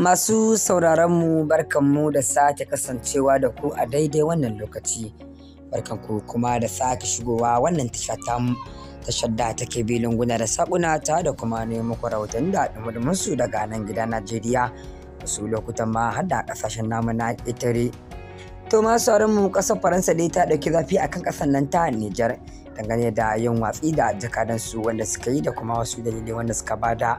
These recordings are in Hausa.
Masu sauraronmu barkanmu da sake kasancewa da ku a daidai wannan lokaci. Barkanku kuma da sake shigowa wannan tashadda ta tashar da bi lunguna da saƙuna ta da kuma nemo muku da su daga nan gida Najeriya wasu lokutan ma har da ƙasashen namu na ƙetare. To ma ƙasar Faransa dai ta ɗauki zafi akan ƙasar nan ta Nijar dangane da yin watsi da jakadansu wanda suka yi da kuma wasu dalilai wanda suka bada. da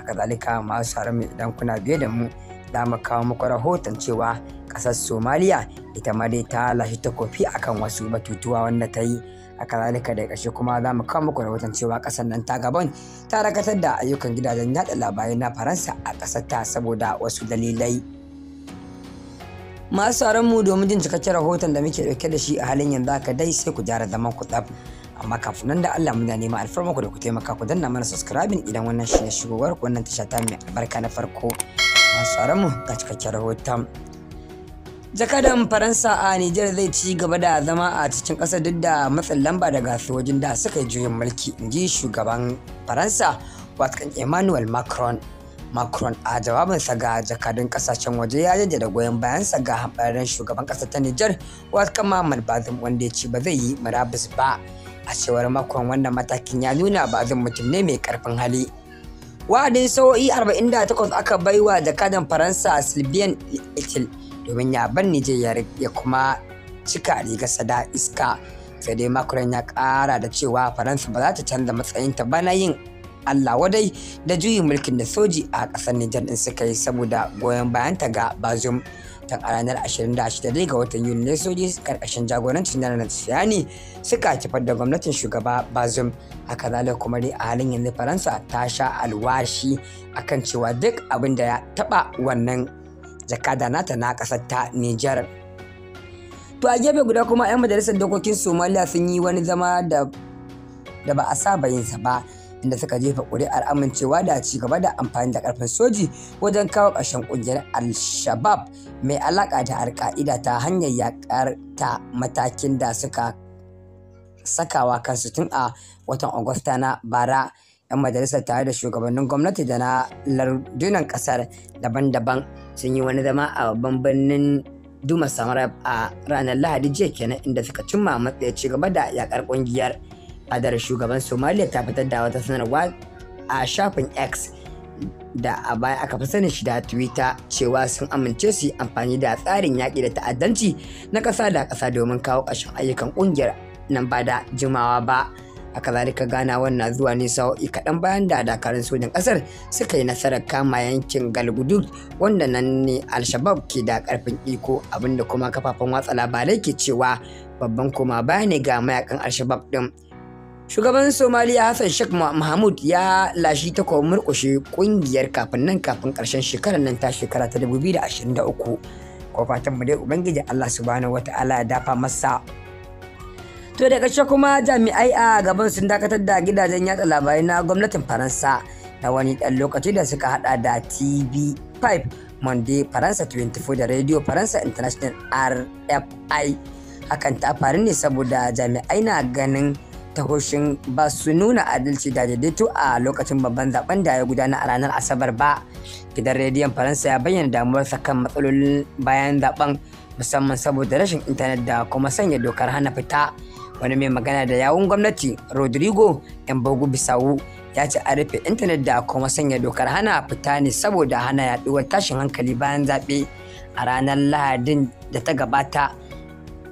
haka zalika masu mu idan kuna biye da mu za mu kawo muku rahoton cewa ƙasar somaliya ita ma dai ta lashe takofi akan wasu batutuwa wanda ta yi a kazalika da ƙarshe kuma za mu kawo muku rahoton cewa ƙasar nan ta gaban ta rakatar da ayyukan gidajen yaɗa labarai na faransa a ƙasar ta saboda wasu dalilai masu mu domin jin cikakken rahoton da muke ɗauke da shi a halin yanzu haka dai sai ku jara zaman ku tsaf amma kafin nan da Allah muna nema alfarma ku da ku taimaka ku danna mana subscribing idan wannan shi ne shigowar ku wannan tasha ta mai albarka na farko masu mu ga cikakken rahoton jakadan faransa a niger zai ci gaba da zama a cikin ƙasa duk da matsin lamba daga wajen da suka yi juyin mulki inji shugaban faransa watkan emmanuel macron Macron a jawabinsa ga jakadun kasashen waje ya jaddada goyon bayansa ga hambararren shugaban kasar ta niger watkan mamad Bazum wanda ya ce ba zai yi murabus ba. a cewar makon wannan matakin ya nuna ba zan mutum ne mai karfin hali wa'adin sa'o'i 48 aka baiwa jakadan faransa sylvain itil domin ya bar nijar ya kuma cika rigar Sada iska sai dai makon ya kara da cewa faransa ba za ta canza matsayin ta bana yin allah wadai da juyin mulkin da soji a kasar nijar din suka yi saboda goyon bayanta ga bazum a ranar 26 ga watan Yuni ne soji karkashin jagorancin nana Siyani suka kifar da gwamnatin shugaba Bazum a zalika kuma dai a halin yanzu Faransa ta sha alwashi akan cewa duk abin da ya taba wannan jakada nata na kasar ta Nijar. To a gefe guda kuma 'yan majalisar dokokin Somalia sun yi wani zama da ba a saba yinsa ba inda suka jefa ƙuri'ar amincewa da ci gaba da amfani da ƙarfin soji wajen kawo ƙarshen ƙungiyar al-shabab mai alaƙa da alƙa'ida ta hanyar yaƙar ta matakin da suka sakawa kansu tun a watan agusta na bara 'yan majalisar tare da shugabannin gwamnati da na lardunan ƙasar daban-daban sun yi wani zama a babban birnin duma samarab a ranar lahadi jiya kenan inda suka cimma matsayi ci gaba da yakar ƙungiyar adar shugaban somaliya ta fitar da wata sanarwa a shafin x da a baya aka fi sanin shi da twitter cewa sun amince su yi amfani da tsarin yaƙi da ta'addanci na ƙasa da ƙasa domin kawo ƙarshen ayyukan ƙungiyar nan ba da jimawa ba a kazalika gana wannan zuwa ne sa'o'i kaɗan bayan da dakarun sojan ƙasar suka yi nasarar kama yankin Galgudu wanda nan ne alshabab ke da ƙarfin iko abinda kuma kafafen watsa labarai ke cewa babban koma baya ne ga mayakan alshabab ɗin shugaban somaliya hassan sheikh mahmud ya lashi takwa murkushe ƙungiyar kafin nan kafin karshen shekarar nan ta shekara ta 2023 ko fatan mu dai ubangiji allah subhanahu wata'ala ya dafa masa to da ƙarshe kuma jami'ai a gaban sun dakatar da gidajen yatsa labarai na gwamnatin faransa na wani ɗan lokaci da suka hada da tv5 monday faransa 24 da radio faransa international rfi hakan ta faru ne saboda jami'ai na ganin ta ba su nuna adalci da daidaito a lokacin babban zaben da ya gudana a ranar asabar ba gidan rediyon faransa ya bayyana damuwarsa kan matsalolin bayan zaben musamman saboda rashin intanet da kuma sanya dokar hana fita wani mai magana da yawun gwamnati rodrigo embogu bisawu ya ce a rufe intanet da kuma sanya dokar hana fita ne saboda hana yaduwar tashin hankali bayan zaɓe a ranar lahadin da ta gabata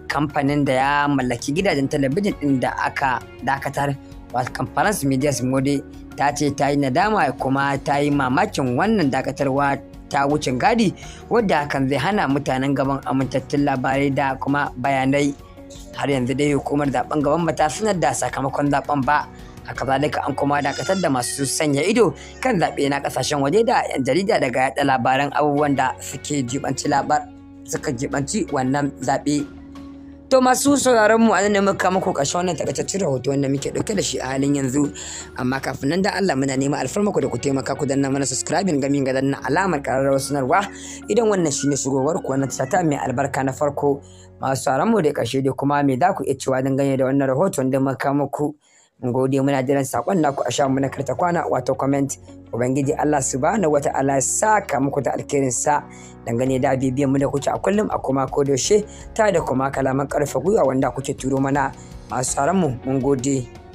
kamfanin da ya mallaki gidajen talabijin ɗin da aka dakatar wasu conference media mode ta ce ta yi nadama kuma ta yi mamakin wannan dakatarwa ta wucin gadi wadda hakan zai hana mutanen gaban amintattun labarai da kuma bayanai har yanzu dai hukumar zaben gaban ba ta sanar da sakamakon zaben ba haka zalika an kuma dakatar da masu sanya ido kan zaɓe na ƙasashen waje da 'yan jarida daga yaɗa labaran abubuwan da suke suka jibanci wannan zaɓe. To masu sauraron mu a ne muka muku kashe wannan takaitaccen rahoto wanda muke ɗauke da shi a halin yanzu amma kafin nan da Allah muna nema alfarma ku da ku taimaka ku danna mana subscribing gamin ga danna alamar ƙararrawar sanarwa idan wannan shine shigowar ku wannan tata mai albarka na farko masu sauraron mu da ƙarshe da kuma me za ku iya cewa dangane da wannan rahoton da muka muku. Mun gode muna jiran sakon naku a shamu na karta kwana wato comment ubangiji Allah subhanahu wata ala ka muku da alkhairin sa dangane da bibiyan mu da kuke a kullum a kuma ko yaushe ta da kuma kalaman karfa gwiwa wanda kuke turo mana masu mu mun gode